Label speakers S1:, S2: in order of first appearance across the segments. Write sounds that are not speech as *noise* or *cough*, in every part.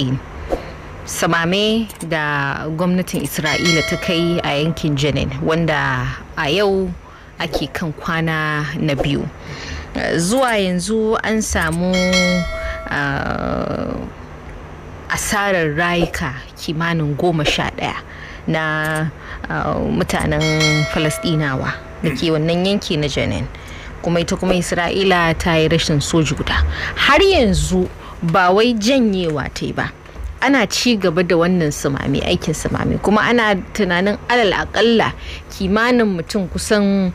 S1: yaƙi samame da gwamnatin isra'ila ta kai a yankin jenin wanda a yau ake kan kwana na biyu zuwa yanzu an samu uh, asarar rayuka kimanin goma sha ɗaya na uh, mutanen falasɗinawa da ke wannan yanki na jenin kuma ita kuma isra'ila ta yi rashin soji guda har yanzu ba wai janyewa ta ba ana ci gaba da wannan sumami aikin sumami kuma ana tunanin alal akalla kimanin mutum kusan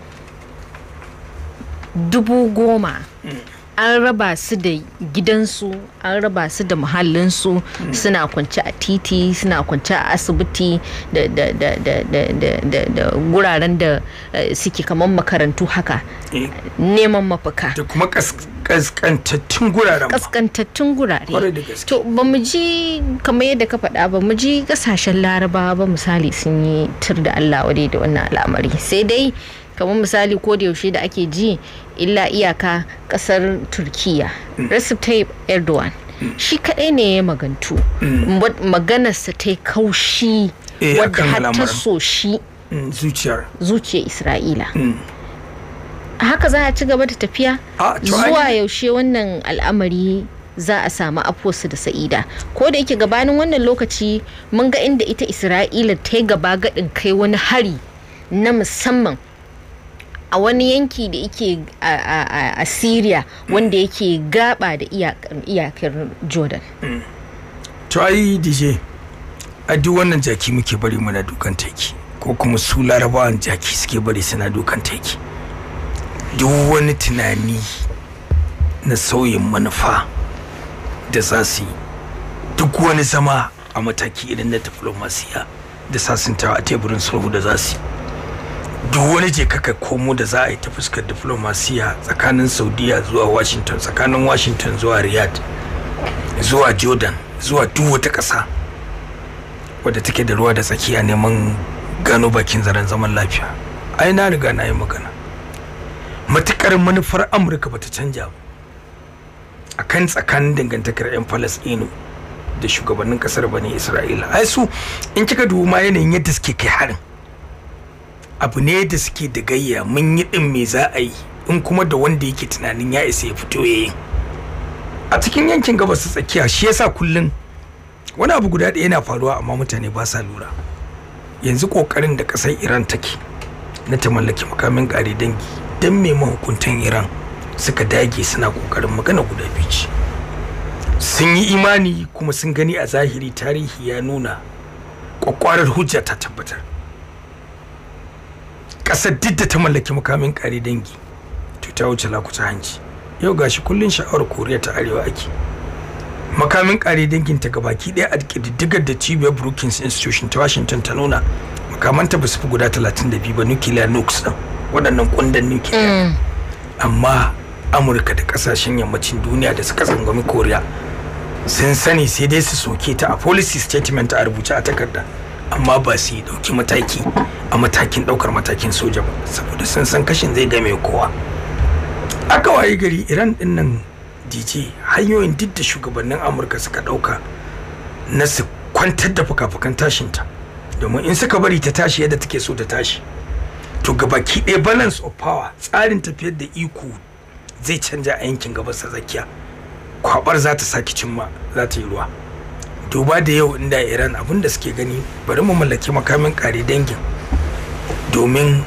S1: dubu goma hmm. an raba su da gidansu an raba su da muhallinsu suna kwance a titi suna kwance a asibiti da guraren da eh, suke kamar makarantu haka eh. neman mafaka da kuma
S2: kaskantattun
S1: guraren kaskantattun gurare to ba mu ji kamar yadda ka faɗa ba mu ji kasashen larabawa ba misali sun yi tur da allah wadai da wannan al'amari sai dai kamar misali ko da yaushe da ake ji illa iyaka kasar turkiya mm. recep tayyip erdogan shi kadai ne ya magantu mm. maganarsa ta kaushi eh, wadda har ta so shi
S2: mm, zuciyar
S1: isra'ila haka za a ci gaba da tafiya zuwa yaushe wannan al'amari za a samu afosu da sa'ida ko da yake gabanin wannan lokaci mun ga inda ita isra'ila ta yi gaba gaɗin kai wani hari na musamman a wani yanki da yake a syria wanda yake gaba da iyakar jordan
S2: to ai dj a duk wannan jaki muke bari muna dukan taiki ko kuma su larabawan jaki suke bari suna dukan taiki duk wani tunani na sauyin manufa da za su yi duk wani zama a mataki irin na diplomasiya da sasantawa a teburin sulhu da za su yi duk wani je kaka komo da za a yi ta fuskar diplomasiya tsakanin saudiya zuwa washington tsakanin washington zuwa riyad zuwa jordan zuwa duk wata ƙasa wadda take da ruwa da tsakiya neman gano bakin zaren zaman lafiya ai na riga na yi magana matukar manufar amurka bata canja ba a kan tsakanin dangantakar 'yan falasɗinu da shugabannin ƙasar bane isra'ila ai su in kika duba ma yanayin yadda suke kai harin abu ne da suke da gayya mun yi din me za a yi in kuma da wanda yake tunanin ya isa ya fito yayin a cikin yankin gabas ta tsakiya shi yasa kullun wani abu guda ɗaya yana faruwa amma mutane ba sa lura yanzu kokarin da ƙasar iran take na ta mallaki makamin gare dangi don me mahukuntan iran suka dage suna kokarin magana guda biyu ce sun yi imani kuma sun gani a zahiri tarihi ya nuna kwakwarar hujja ta tabbatar ƙasar didda ta mallaki mukamin ƙare dangi to ta wuce lakuta hanci yau gashi kullun sha'awar koriya ta arewa ake makamin ƙare dangin ta gabaki daya a ƙididdigar da cibiyar brookings institution ta washington ta nuna makamanta ba su fi guda 32 ba nuclear nukes din waɗannan ƙundan nuclear mm. amma amurka da kasashen yammacin duniya da suka tsangwami koriya sun sani sai dai su soke ta a policy statement a rubuce a takarda amma ba su yi ɗauki mataki a matakin ɗaukar matakin soja ba saboda sun san kashin zai game kowa aka waye gari iran din nan dj hanyoyin duk da shugabannin amurka suka ɗauka na su kwantar da fuka-fukan tashinta domin in suka bari ta tashi yadda take so ta tashi to gabaki ɗaya balance of power tsarin tafiyar da iko zai canja a yankin gabas ta tsakiya kwabar za ta saki cimma za ta yi ruwa duba da yau inda iran abin da suke gani bari mu mallaki makamin kare dangin domin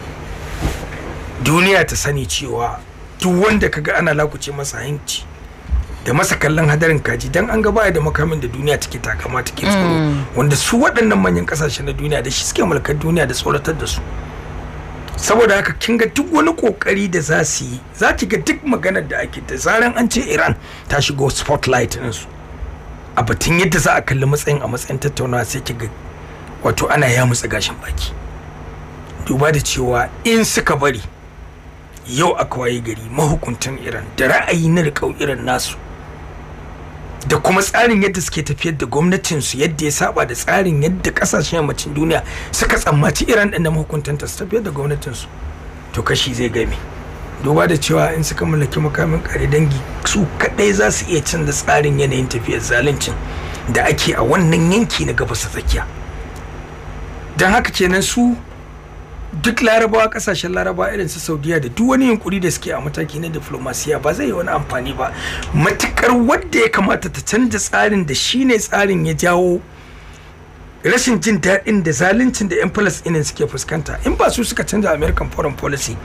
S2: duniya ta sani cewa duk wanda kaga ana lakuce masa hanci da masa kallon hadarin kaji dan an ga gaba da makamin da duniya take takama take tsoro mm. wanda su waɗannan manyan ƙasashe na duniya da shi suke mulkar duniya da tsoratar da su saboda haka kin ga duk wani kokari da za su yi za ki ga duk maganar da ake da zaran an ce Iran ta shigo spotlight din su a batun yadda za a kalli matsayin a matsayin tattaunawa sai ki ga wato ana ya mutsa gashin baki duba da cewa in suka bari yau a waye gari mahukuntan iran da ra'ayi na rikau irin nasu da kuma tsarin yadda suke tafiyar da gwamnatinsu yadda ya saba da tsarin yadda kasashen yammacin duniya suka tsammaci iran ɗin da mahukuntanta su tafiyar da su, to kashi zai game duba da cewa in suka mallaki makamin kare dangi su kaɗai za su iya canza tsarin yanayin tafiyar zaluncin da ake a wannan yanki na gaba sa tsakiya don haka kenan su duk larabawa kasashen larabawa irin su saudiya da duk wani yunkuri da suke a mataki na diplomasiya ba zai yi wani amfani ba matukar wadda ya kamata ta canza tsarin da shine tsarin ya jawo rashin jin daɗin da zaluncin da 'yan inin suke fuskanta in ba su suka canza american foreign policy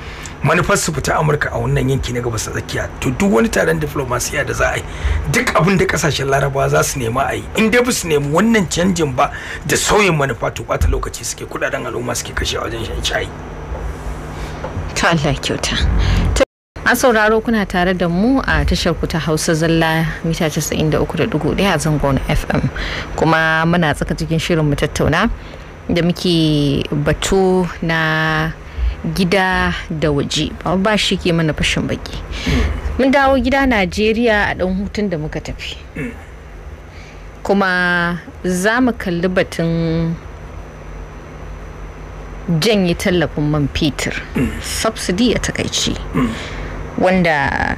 S2: manufar su fita amurka a wannan yanki na gabas tsakiya to duk wani taron diplomasiya da za a yi duk abin da kasashen larabawa za su nema a yi in dai su nemi wannan canjin ba da sauyin manufa to bata lokaci suke kudaden al'umma suke kashe wajen shan shayi
S1: ta Allah kyauta a sauraro kuna tare da mu a tashar ku ta hausa zalla mita 93.1 a zangon fm kuma muna tsaka cikin shirin mu tattauna da muke batu na gida da waje ba shi ke mana fashin baki mun dawo gida najeriya a dan hutun da muka tafi kuma za mu kalli batun janye tallafin man fetur subsidy a takaici wanda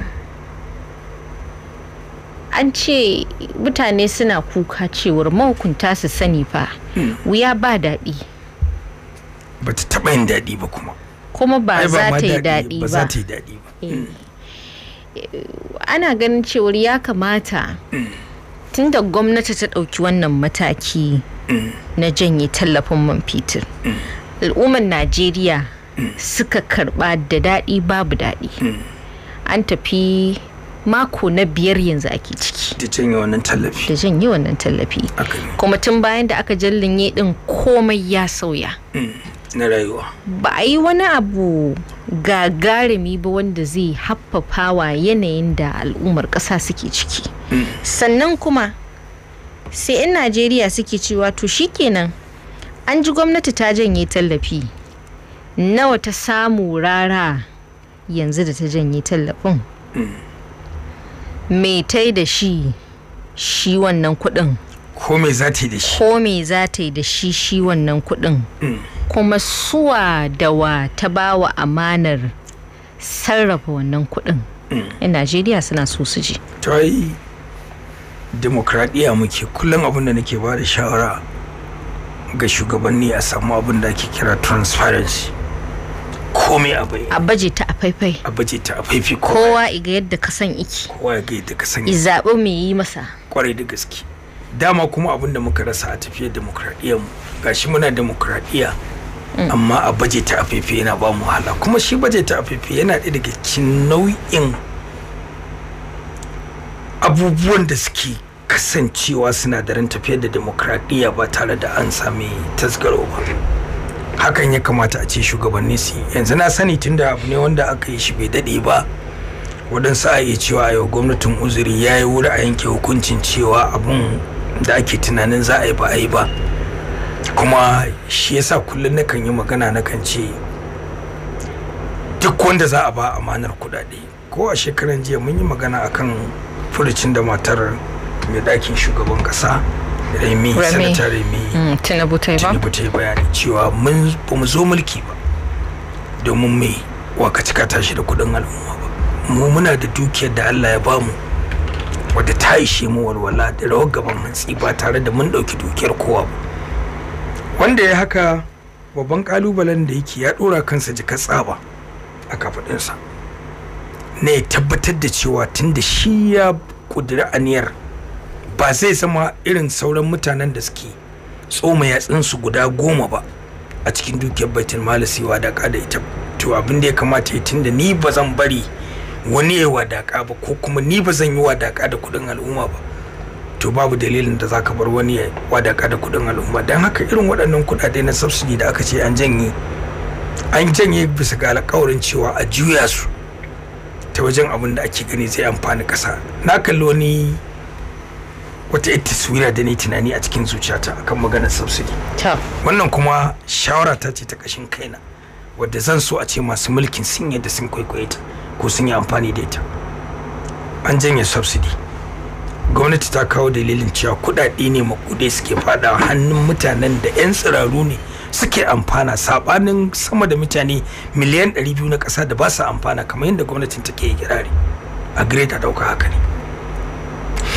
S1: an ce mutane suna kuka cewar mahukunta su sani fa hmm. wuya ba daɗi
S2: ba ta taɓa yin daɗi ba kuma
S1: kuma ba za ta yi daɗi ba eh. hmm. ana ganin cewar ya kamata hmm. tun da gwamnati ta ɗauki wannan mataki na janye tallafin man fetur al'ummar najeriya suka karɓa da daɗi babu daɗi an tafi mako na biyar yanzu ake ciki
S2: da janye wannan tallafi da janye wannan tallafi
S1: kuma tun bayan da aka jallinye din komai ya sauya
S2: mm, na rayuwa
S1: ba a yi wani abu gagarumi ba wanda zai haffafa yanayin da al'ummar ƙasa suke ciki mm. sannan kuma sai in najeriya suke cewa to shikenan an ji gwamnati ta janye tallafi nawa ta samu rara yanzu da ta janye tallafin me ta yi da shi shi wannan kuɗin
S2: ko me za ta yi da shi
S1: ko me za ta yi da shi shi wannan kuɗin kuma suwa da wa ta ba wa amanar sarrafa wannan kuɗin yan najeriya suna so su ji ta
S2: yi demokradiyya muke kullum abin da nake ba da shawara ga shugabanni a samu abin da ake kira transparency komai a bai abaje ta afaifai abaje ta kowa
S1: iga yadda ka san iki
S2: kowa iga yadda ka san iki
S1: zaɓi mai yi masa
S2: kwarai da gaske dama kuma abin da muka rasa a tafiyar demokradiyyar mu gashi muna demokradiyya mm. amma a baje ta faifai yana ba mu wahala kuma shi baje ta faifai yana ɗaya daga cikin nau'in abubuwan da suke kasancewa sinadaran tafiyar da demokradiyya ba tare da an sami tasgaro ba hakan ya kamata a ce shugabanni su yanzu na sani tunda abu ne wanda aka yi shi bai daɗe ba waɗansu a iya cewa yau gwamnatin uzuri ya yi wuri a yanke hukuncin cewa abun da ake tunanin za a yi ba a yi ba kuma shi yasa kullum na kan yi magana na kan ce duk wanda za a ba amanar kuɗaɗe ko a shekaran jiya mun yi magana akan furucin da matar mai ɗakin shugaban ƙasa remy senator remy
S1: mm, Tinubu Tinubu
S2: bayani cewa mun ba mu zo mulki ba domin mai waka cika tashi da kudin al'umma ba mu muna da dukiyar da Allah ya bamu wadda ta ishe mu walwala da rawar gaban matsi ba tare da mun ɗauki dukiyar kowa ba wanda ya haka babban kalubalen da yake ya ɗora kansa jika tsaba a na ne tabbatar da cewa tun da shi ya aniyar ba zai zama irin sauran mutanen da suke tsoma su guda goma ba a cikin dukiyar baitul mali sai wadaka da ita to abin da ya kamata ya tunda ni ba zan bari wani ya wadaka ba ko kuma ni ba zan yi wadaka da kudin al'umma ba to babu dalilin da za ka bar wani ya wadaka da kudin al'umma don haka irin waɗannan kuɗaɗe na subsidy da aka ce an janye an janye bisa ga alƙawarin cewa a juya su ta wajen abin da ake gani zai amfani ƙasa na kalli wani wata ita taswira da ni tunani a cikin zuciyata akan maganar subsidy wannan kuma shawara ta ce ta kashin kaina wadda zan so a ce masu mulkin sun yadda sun kwaikwaye ta ko sun yi amfani da ita an janye subsidy gwamnati ta kawo dalilin cewa kuɗaɗe ne makudai suke fada hannun mutanen da 'yan tsiraru ne suke amfana sabanin sama da mutane miliyan 200 na ƙasa da ba su amfana kamar yadda gwamnatin take yi kirari a ta dauka haka ne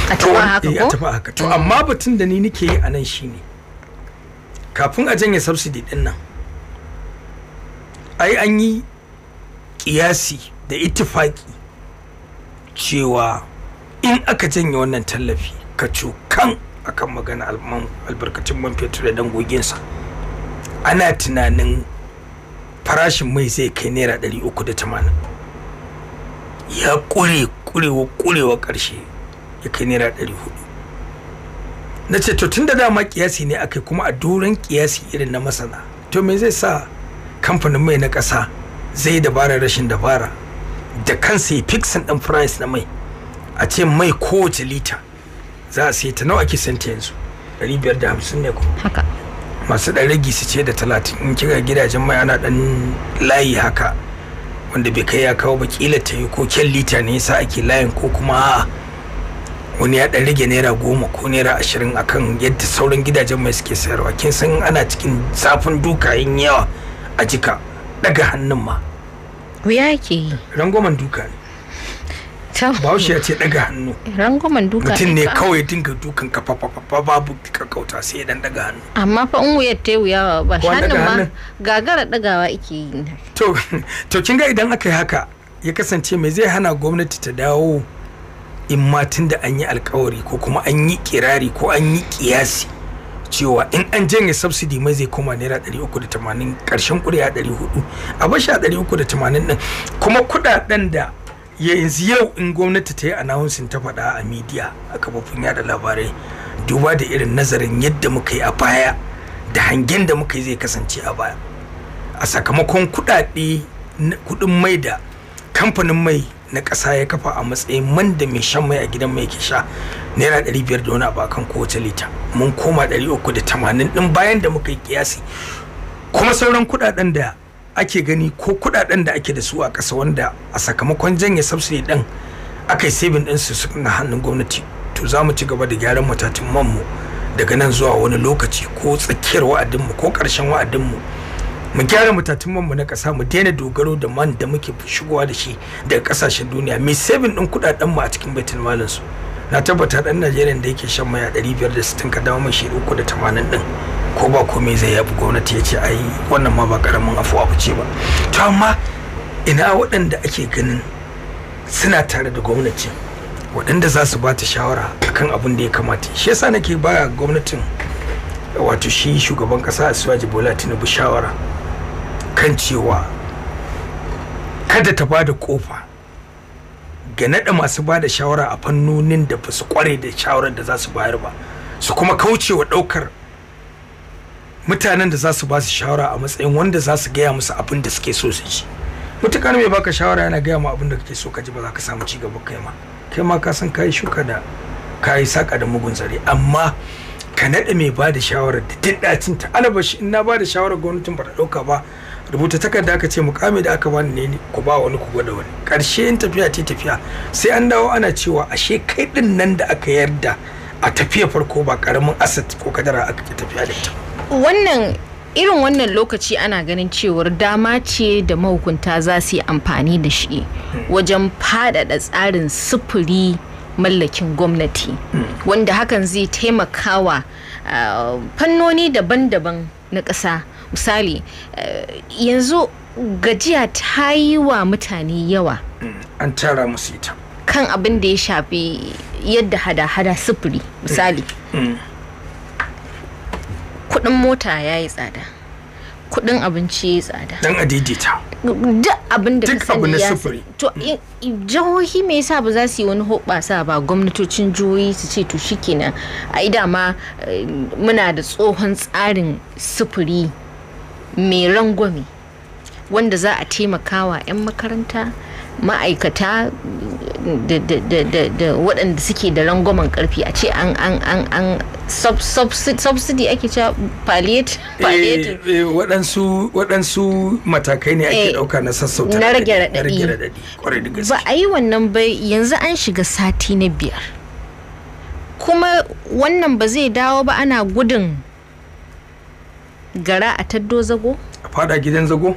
S2: a tafi eh, a haka to mm. amma batun da ni nake yi a nan shine kafin a janye subsidy din nan ai an yi kiyasi da ittifaki cewa in aka janye wannan tallafi ka cokan akan magana albarkacin man fetur da dangoginsa ana tunanin farashin mai zai kai naira 380 ya kure kurewa kurewa ƙarshe ya kai naira ɗari hudu na ce to tun da dama kiyasi ne akai kuma a doron kiyasi irin na masana to me zai sa kamfanin mai na ƙasa zai yi dabara rashin dabara da kansa ya fixin ɗin price na mai a ce mai kowace lita za a sai ta nawa ake santa yanzu biyar da hamsin ne ko haka masu ɗan ragi su ce da talatin in kira gidajen mai ana ɗan layi haka wanda bai kai ya kawo ba kila ta yi ko kyan lita ne yasa ake layin ko kuma wani ya dan rage naira goma ko naira ashirin akan yadda sauran gidajen mai suke sayarwa kin san ana cikin zafin yin yawa a jika daga hannun ma wuya yake yi rangwamen duka ne bahaushe ya ce daga hannu
S1: rangwamen duka mutum ne kawai
S2: dinga dukan ka fafafafa babu kauta sai dan daga hannu
S1: amma fa in wuyar ta wuya ba hannun ma gagara dagawa ike yi
S2: *laughs* to kin ga idan aka yi haka ya kasance me zai hana gwamnati ta dawo in ma da an yi alkawari ko kuma an yi kirari ko an yi kiyasi cewa in an janye subsidy mai zai koma naira 380 karshen kuri'a 400 a basha a 380 din kuma kuɗaɗen da yanzu yau in gwamnati ta yi announcing ta faɗa a midiya a kafofin yada labarai duba da irin nazarin yadda muka yi a baya da hangen da muka yi zai kasance a baya a sakamakon kudade kudin mai da kamfanin mai na ƙasa ya kafa a matsayin man da mai shan mai a gidan mai ke sha naira ɗari biyar da wani abu akan kowace lita mun koma ɗari uku da tamanin ɗin bayan da muka yi kiyasi kuma sauran kuɗaɗen da ake gani ko kuɗaɗen da ake da su a ƙasa wanda a sakamakon janye subsidy ɗin aka yi saving ɗin su na hannun gwamnati to za mu ci gaba da gyaran matatin man mu daga nan zuwa wani lokaci ko tsakiyar wa'adinmu ko ƙarshen wa'adinmu mu mu gyara matatun mu na ƙasa mu daina dogaro da man da muke shigowa da shi daga ƙasashen duniya mai sabin ɗin kuɗaɗen mu a cikin baitul malin su na tabbata ɗan najeriya da yake shan maya 560 ka dawo mashi 380 ɗin ko ba komai zai yabi gwamnati ya ce ai wannan ma ba karamin afuwa ba ce ba to amma ina waɗanda ake ganin suna tare da gwamnati waɗanda za su ba ta shawara akan abin da ya kamata shi yasa nake ba gwamnatin wato shi shugaban ƙasa suwaji bola tinubu shawara kan cewa kada ta ba da kofa ga naɗa masu bada shawara a fannonin da ba su kware da shawarar da za su bayar ba su kuma kauce wa ɗaukar mutanen da za su ba su shawara a matsayin wanda za su gaya musu abin da suke so su ji mutukar mai baka shawara yana gaya ma abin da kake so ka ji ba za ka samu gaba kai ma kai ma ka san kayi shuka da kai saka da mugun zare amma ka naɗa mai bada shawara da duk ta alabashi in na bada shawarar gwamnatin ba ta ɗauka ba rubuta takarda aka ce mukami da aka bani ne ku ba wani ku gwada wani karshe in tafiya ta tafiya sai an dawo ana cewa ashe kai din nan da aka yarda a tafiya farko ba karamin asset ko kadara aka ke tafiya da ita
S1: wannan irin wannan lokaci ana ganin cewar dama ce da mahukunta za su yi amfani da shi hmm. wajen fadada tsarin sufuri mallakin gwamnati hmm. wanda hakan zai taimakawa ah, fannoni daban-daban na ƙasa misali eh, yanzu gajiya ta yi wa mutane yawa
S2: mm, an tara musu ita
S1: kan abin da ya shafi yadda hada-hada sufuri misali mm, mm. kudin mota ya yi tsada kudin abinci ya yi tsada
S2: dan a daidaita duk abin da duk abu sufuri
S1: to jihohi me yasa ba za su yi wani hoɓasa ba gwamnatocin jihohi su ce to shikenan a idama eh, muna da tsohon tsarin sufuri mai rangwame wanda za a taimakawa 'yan makaranta ma'aikata da waɗanda suke da rangwamen karfi a ce an an an an subsidy ake cewa palliative
S2: eh, eh, waɗansu waɗansu matakai ne ake eh, ɗauka na sassauta na rage raɗaɗi ba a
S1: yi wannan ba yanzu an shiga sati na biyar kuma wannan ba zai dawo ba ana gudun gara a taddo zago
S2: a fada gidan zago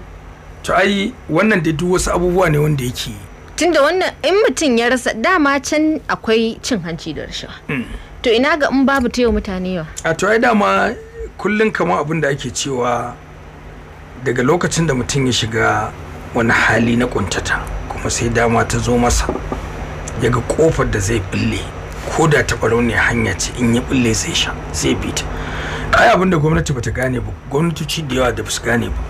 S2: to ai wannan da duk wasu abubuwa ne wanda yake
S1: tunda wannan in mutum ya rasa dama can akwai cin hanci da rashawa mm. to ina ga in babu ta yau mutane yau
S2: a to ai dama kullum kamar abin da ake cewa daga lokacin da mutum ya shiga wani hali na kuntata kuma sai dama ta zo masa ya ga kofar da zai bille ko da ta ne hanya ce in ya bille zai sha zai bi ta ai abin da gwamnati bata gane ba gwamnatoci da yawa da basu gane ba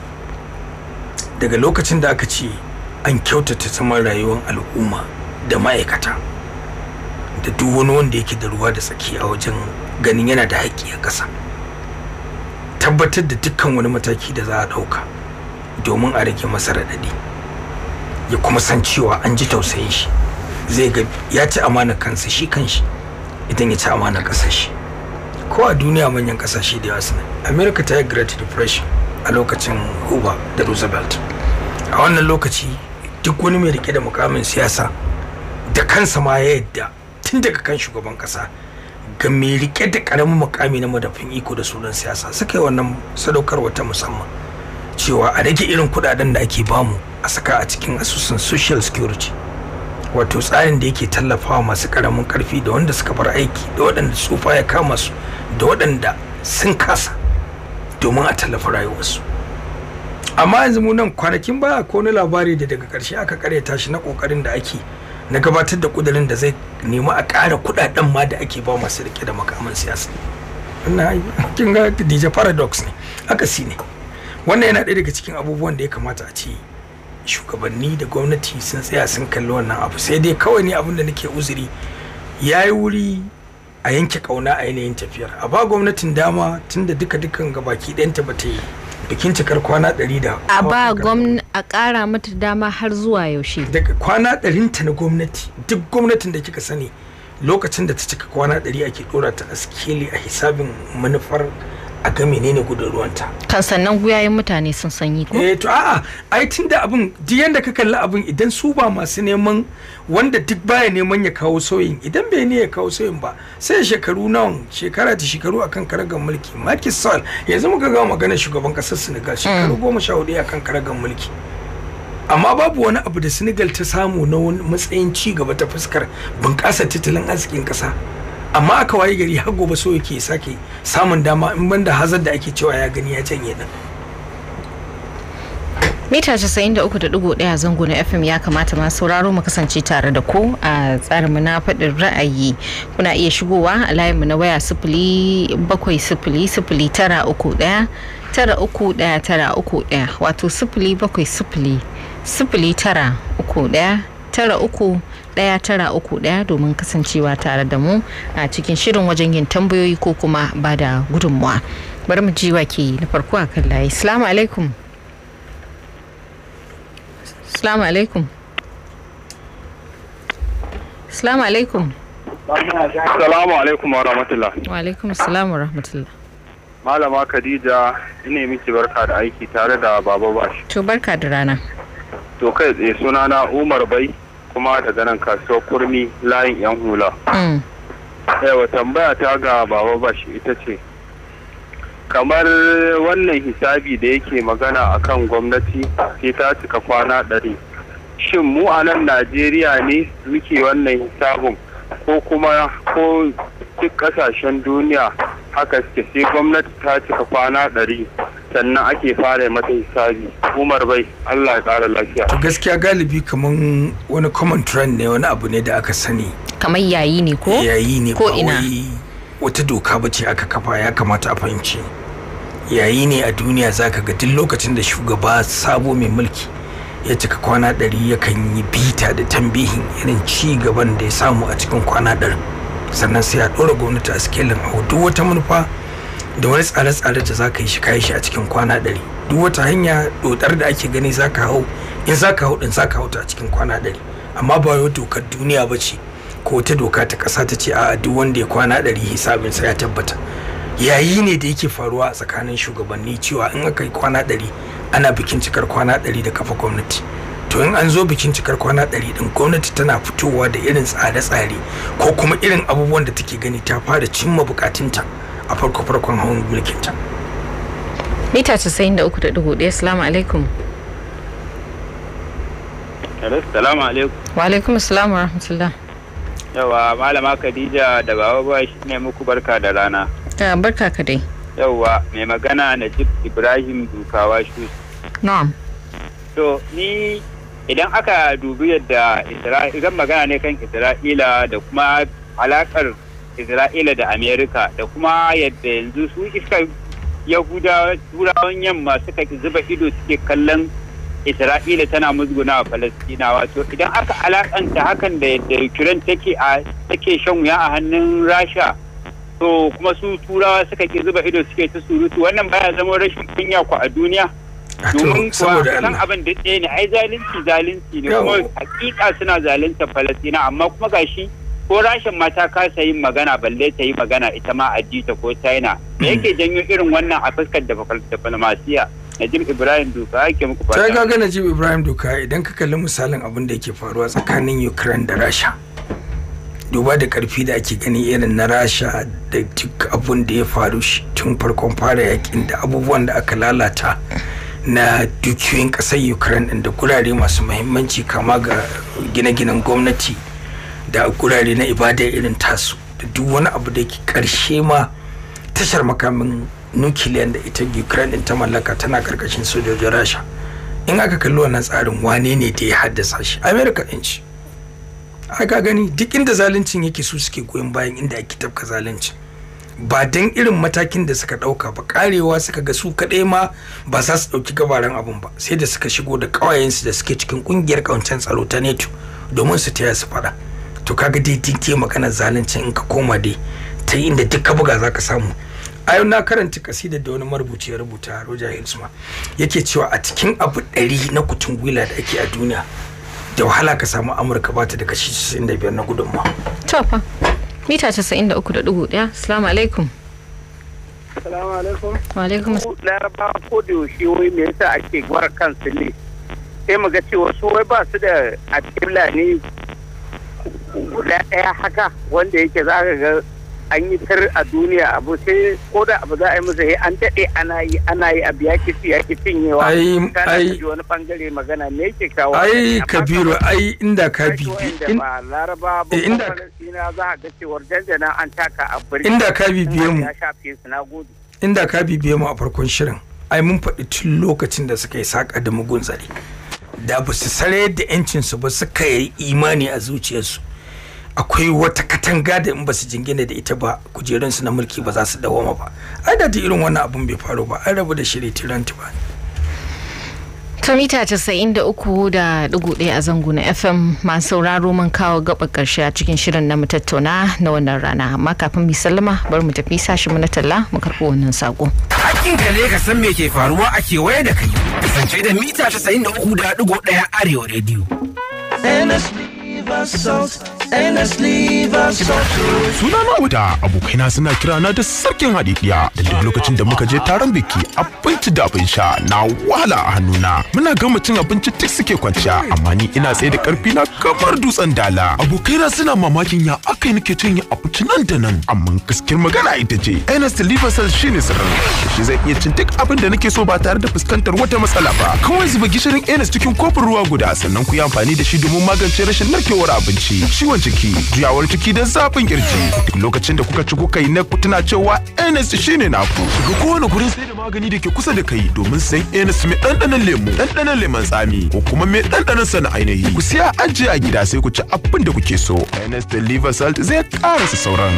S2: daga lokacin da aka ce an kyautata zaman rayuwar al'umma da ma'aikata da duk wani wanda yake da ruwa da tsaki a wajen ganin yana da haƙƙi a ƙasa tabbatar da dukkan wani mataki da za a ɗauka domin a rage masa raɗaɗi ya kuma san cewa an ji tausayin shi zai ga ya ci amana kansa shi kanshi idan ya ci amana ƙasar shi ko a duniya manyan kasashe da yawa suna america ta yi great depression a lokacin hoover da roosevelt a wannan lokaci duk wani mai rike da mukamin siyasa da kansa ma ya yadda tun daga kan shugaban kasa ga mai rike da karamin mukami na madafin iko da sunan siyasa suka yi wannan sadaukarwa ta musamman cewa a rage irin kudaden da ake bamu a saka a cikin asusun social security wato tsarin da yake tallafawa masu karamin karfi da wanda suka bar aiki da waɗanda tsufa ya kama su da waɗanda sun kasa domin a tallafa rayuwarsu amma yanzu mu nan kwanakin baya ko na labari da daga ƙarshe aka karyata shi na ƙoƙarin da ake na gabatar da ƙudurin da zai nemi a ƙara kuɗaɗen ma da ake ba masu rike da makaman siyasa wannan kin ga paradox ne akasi ne wannan yana ɗaya daga cikin abubuwan da ya kamata a ce shugabanni da gwamnati sun tsaya sun kalli wannan abu sai dai kawai ne abin da nake uzuri ya yi wuri a yanke kauna a yanayin tafiyar a ba gwamnatin dama tunda duka dukan gabaki ɗayanta ba ta yi bikin cikar kwana ɗari da a ba
S1: gwamnati a ƙara mata dama har zuwa yaushe daga kwana
S2: ɗarinta na gwamnati duk gwamnatin da kika sani lokacin da ta cika kwana ɗari ake ɗora ta askeli a hisabin manufar a ga menene gudun ruwanta
S1: kan sannan guyayen mutane sun sanyi ko eh to
S2: a'a ai tunda abin duk yanda ka kalli abin idan su ba masu neman wanda duk baya neman ya kawo sauyin idan bai ne ya kawo sauyin ba sai shekaru nawa shekara ta shekaru akan karagar mulki Macky Sall yanzu muka ga maganar shugaban kasar Senegal mm. shekaru goma sha hudu akan karagar mulki amma babu wani abu da Senegal ta samu na wani matsayin ci gaba ta fuskar bunƙasa tattalin arzikin ƙasa amma aka waye gari har gobe so yake sake samun dama in banda hazar da ake cewa ya gani ya canye din
S1: mita 93.1 zango na fm ya kamata ma sauraro mu kasance tare da ku a tsarinmu na faɗin ra'ayi kuna iya shigowa a layinmu na waya ɗaya wato sifili bakwai sifili sifili tara uku tara uku ɗaya tara uku ɗaya domin kasancewa tare da mu a cikin shirin wajen yin tambayoyi ko kuma ba da gudunmuwa bari mu ji ke na farko a kan layi salamu alaikum salamu alaikum salamu alaikum
S3: salamu alaikum wa rahmatullah
S1: wa alaikum salam wa rahmatullah
S3: malama khadija ina miki barka da aiki tare da baba bash
S1: to barka da rana
S3: to kai tsaye sunana umar bai kuma da ganin kasuwar kurmi layin yan hula mm. yawa tambaya ta ga baba bashi ita ce kamar wannan hisabi da yake magana a kan gwamnati sai ta cika kwana ɗari shin mu a nan najeriya ne muke wannan hisabin ko kuma ko duk ƙasashen duniya haka suke sai gwamnati ta cika kwana ɗari sannan ake fara mata hisabi umar bai allah ya kara lafiya to gaskiya
S2: galibi kamar wani common trend ne wani abu ne da aka sani
S1: kamar yayi ne ko yayi ne ko ina
S2: wata doka ba ce aka kafa ya kamata a fahimci yayi ne a duniya zaka ga duk lokacin da shugaba sabo mai mulki ya cika kwana ɗari yakan yi bita da tambihin irin ci gaban da ya samu a cikin kwana ɗari sannan sai a ɗora gwamnati a sikelin a duk wata manufa da wani tsare-tsare da za ka yi shi kayi shi a cikin kwana ɗari duk wata hanya dotar da ake gani za ka hau in za ka hau ɗin za ka hau ta a cikin kwana ɗari amma ba wai dokar duniya ba ce ko ta doka ta ƙasa ta ce a duk wanda ya kwana ɗari hisabinsa ya tabbata yayi ne da yake faruwa a tsakanin shugabanni cewa in aka yi kwana ɗari ana bikin cikar kwana ɗari da kafa gwamnati to in an zo bikin cikar kwana ɗari ɗin gwamnati tana fitowa da irin tsare-tsare ko kuma irin abubuwan da take gani ta fara cimma bukatunta a farko farkon hawan mulkin ta
S1: mita 93.1 assalamu alaikum
S3: assalamu alaikum
S1: wa alaikum assalam wa rahmatullah
S3: yawa malama khadija da baba ba shi ne muku barka da rana ah, barka ka dai yawa mai magana najib ibrahim dukawa shi na'am to ni idan aka dubi yadda isra'ila magana ne kan isra'ila da kuma alakar isra'ila da amerika da kuma yadda yanzu su iska yahuda turawan yamma suka zuba ido suke kallon isra'ila tana musguna wa falastinawa to idan aka alakanta hakan da yadda ukraine take a take shan wuya a hannun rasha to kuma su turawa suka ke zuba ido suke ta surutu wannan baya zama rashin kunya ku a duniya *laughs* domin kuwa san abin da ɗaya ne ai zalunci zalunci ne kuma hakika suna zalunta falastina amma kuma gashi ko rashin mata kasa yin magana balle ta yi magana ita ma a jita ko china da yake janyo irin wannan a fuskar da diplomasiya Najib Ibrahim Duka yake muku fata. ga
S2: Najib Ibrahim Duka idan ka kalli misalin abin da yake faruwa tsakanin Ukraine da Rasha. Duba da karfi da ake gani irin na Rasha da duk abin da ya faru tun farkon fara yakin da abubuwan da aka lalata na dukiyoyin ƙasar Ukraine da gurare masu muhimmanci kama ga gine-ginen gwamnati. da gurare na ibada irin tasu da duk wani abu da ke karshe ma tashar makamin nukiliyan da ita ukraine ta mallaka tana karkashin sojojin rasha in aka kalli wannan tsarin wane ne da ya haddasa shi america din shi aka gani duk inda zaluncin yake su suke goyon bayan inda ake tafka zaluncin ba don irin matakin da suka dauka ba karewa suka ga su kaɗai ma ba za su ɗauki gabaran abun ba sai da suka shigo da ƙawayensu da suke cikin ƙungiyar ƙawancen tsaro ta neto domin su taya su faɗa to kaga dai tinke magana zalunci in ka koma dai ta inda duk ka buga zaka samu a na karanta kasida da wani marubuci ya rubuta Roger Hilsma yake cewa a cikin abu ɗari na kutun gwila da ake a duniya da wahala ka samu Amurka ba ta da kashi 95 na gudunma.
S1: To fa mita 93.1 assalamu alaikum.
S3: Assalamu alaikum. Wa alaikum. Laraba ko da yaushe wai me yasa ake gwar kansu ne? Sai mu ga cewa su wai ba su da akibla ne guda ɗaya haka wanda yake za a ga an yi tar a duniya abu sai ko da abu za a yi musu sai an daɗe ana yi ana yi abu ya ki ya ki cinyewa ai ai wani bangare magana ne yake kawo ai kabiru
S2: ai inda ka bi eh, inda
S3: laraba ba inda za a ga cewar an taka a birni inda ka mu
S2: inda ka biye mu a farkon shirin ai mun faɗi tun lokacin da suka yi saƙa da mugun tsari da ba su sare da 'yancinsu ba suka yi imani a zuciyarsu akwai wata katanga da in ba su jingina da ita ba kujerunsu na mulki ba za su dawoma ba ai da irin wannan abun bai faru ba an rabu da shirye tiranti ba
S1: ta mita 93.1 a zango na fm masu sauraro mun kawo gaba karshe a cikin shirin na tattauna na wannan rana amma kafin mu sallama bari mu tafi sashi mu na talla mu karbo wannan sako
S3: ka ne ka san me ke faruwa a kewaye da kai kasance da mita
S2: 93.1 arewa radio suna na wuta abokaina suna kira na da sarkin haɗiɗiya da duk lokacin da muka je taron biki abinci da abin sha na wahala a hannuna muna gama cin abinci tik suke kwanciya amma ni ina tsaye da karfi na kamar dutsen dala abokaina suna mamakin ya aka yi nake cin abinci nan da nan amma gaskiyar magana ita ce Ernest shi shine sirrin shi zai iya cin duk abin da nake so ba tare da fuskantar wata matsala ba kawai zuba gishirin Ernest cikin kofin ruwa guda sannan ku yi amfani da shi domin magance rashin narkewa narkewar abinci ciwon ciki juyawar ciki da zafin kirji lokacin da kuka ci kuka yi na tuna cewa ns shine naku ga kowane gurin sai da magani da ke kusa da kai domin sayan ns mai ɗanɗanon lemu ɗanɗanon lemon tsami ko kuma mai ɗanɗanon sana ainihi ku siya ajiye a gida sai ku ci abin da kuke so
S3: ns da liver salt zai karasa sauran.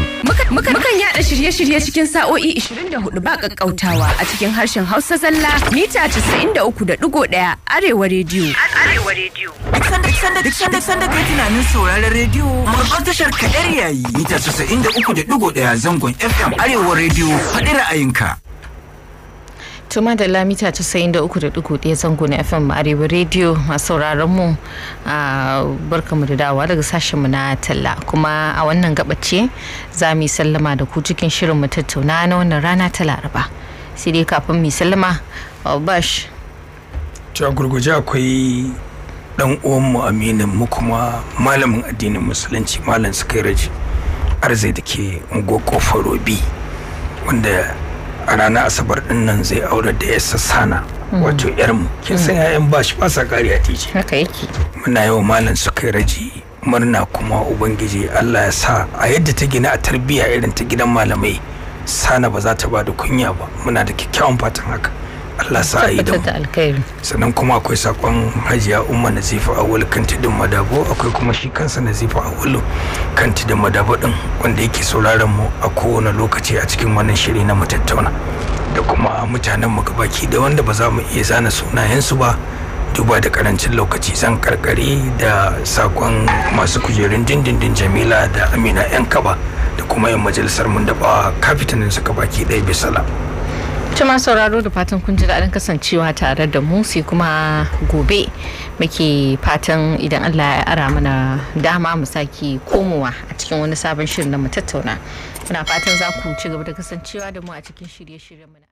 S1: mukan yada shirye-shirye cikin sa'o'i 24 ba kakkautawa a cikin harshen hausa zalla mita 93.1 arewa rediyo. arewa rediyo. duk sanda duk sanda duk sanda tunanin sauraron rediyo marbar tashar
S2: kaɗar yayi mita 93.1 zangon fm arewa rediyo faɗi ra'ayinka.
S1: tuma da lamita 93.1 da zango na fm arewa rediyo a sauraron mu a barkamu da dawa daga sashen mu na talla kuma a wannan gabace za mu yi sallama da ku cikin shirin mu tattauna na wannan rana ta laraba sai dai kafin mu yi sallama bash
S2: to gurguje akwai dan uwanmu aminin mu kuma malamin addinin musulunci malam sukairaji arzai da ke kofar farobi wanda a ranar asabar din nan zai aure da ya sassana hmm. wato yarmu kin san yayan hmm. ba shi ba sa kariya a tije haka yake muna yau malam sukairaji murna kuma ubangiji Allah ya sa a yadda ta gina a tarbiyya irin ta gidan malamai sana ba za ta ba da kunya ba muna da kyakkyawan fatan haka Allah sa
S1: alkhairi.
S2: sannan kuma akwai sakon hajiya umma nazifa awul kan tudun madabo akwai kuma shi kansa nazifa awul kan tudun madabo din wanda yake sauraron mu a kowane lokaci a cikin wannan shiri na mutattauna da kuma mutanen mu gabaki da wanda ba za mu iya zana sunayensu ba duba da karancin lokaci zan karkare da sakon masu kujerun dindindin jamila da amina yan kaba da kuma yan majalisar mun ba kafitanin suka baki ɗaya bisala.
S1: Tuma sauraro da fatan kun ji daɗin kasancewa tare da mu sai kuma gobe muke fatan idan Allah ya ara mana dama mu sake komowa a cikin wani sabon shirin na mu tattauna. Muna fatan za ku ci gaba da kasancewa da mu a cikin shirye-shiryen mu.